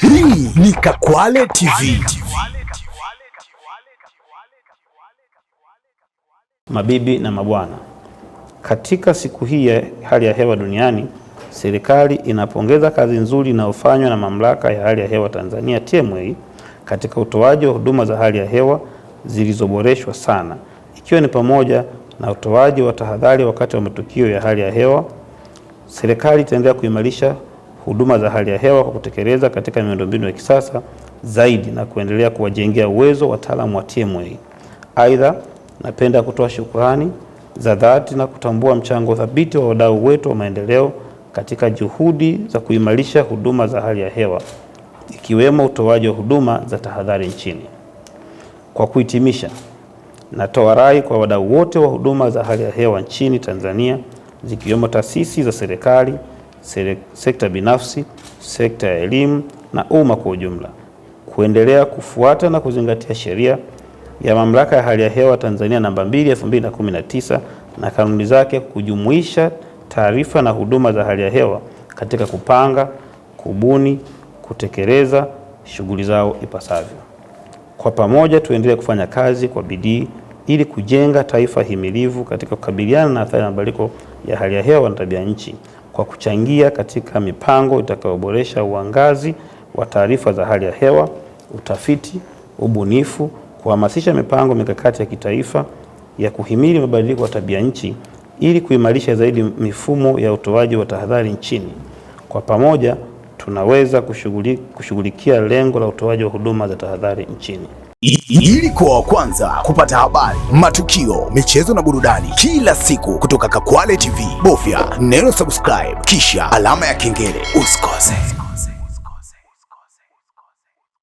Hii ni Kakwale TV. Mabibi na mabwana, katika siku hii ya hali ya hewa duniani, serikali inapongeza kazi nzuri inayofanywa na mamlaka ya hali ya hewa Tanzania TMA katika utoaji wa huduma za hali ya hewa zilizoboreshwa sana, ikiwa ni pamoja na utoaji wa tahadhari wakati wa matukio ya hali ya hewa. Serikali itaendelea kuimarisha huduma za hali ya hewa kwa kutekeleza katika miundombinu ya kisasa zaidi na kuendelea kuwajengea uwezo wataalamu wa TMA. Aidha, napenda kutoa shukrani za dhati na kutambua mchango thabiti wa wadau wetu wa maendeleo katika juhudi za kuimarisha huduma za hali ya hewa ikiwemo utoaji wa huduma za tahadhari nchini. Kwa kuhitimisha, natoa rai kwa wadau wote wa huduma za hali ya hewa nchini Tanzania zikiwemo taasisi za serikali sekta binafsi, sekta ya elimu na umma kwa ujumla kuendelea kufuata na kuzingatia sheria ya mamlaka ya hali ya hewa Tanzania namba 2 2019 na kanuni zake, kujumuisha taarifa na huduma za hali ya hewa katika kupanga, kubuni, kutekeleza shughuli zao ipasavyo. Kwa pamoja tuendelee kufanya kazi kwa bidii ili kujenga taifa himilivu katika kukabiliana na athari ya mabadiliko ya hali ya hewa na tabia nchi kwa kuchangia katika mipango itakayoboresha uangazi wa taarifa za hali ya hewa, utafiti, ubunifu, kuhamasisha mipango mikakati ya kitaifa ya kuhimili mabadiliko ya tabia nchi ili kuimarisha zaidi mifumo ya utoaji wa tahadhari nchini. Kwa pamoja tunaweza kushughulikia lengo la utoaji wa huduma za tahadhari nchini. Ili kuwa wa kwanza kupata habari, matukio, michezo na burudani kila siku kutoka Kakwale TV, bofya neno subscribe kisha alama ya kengele usikose.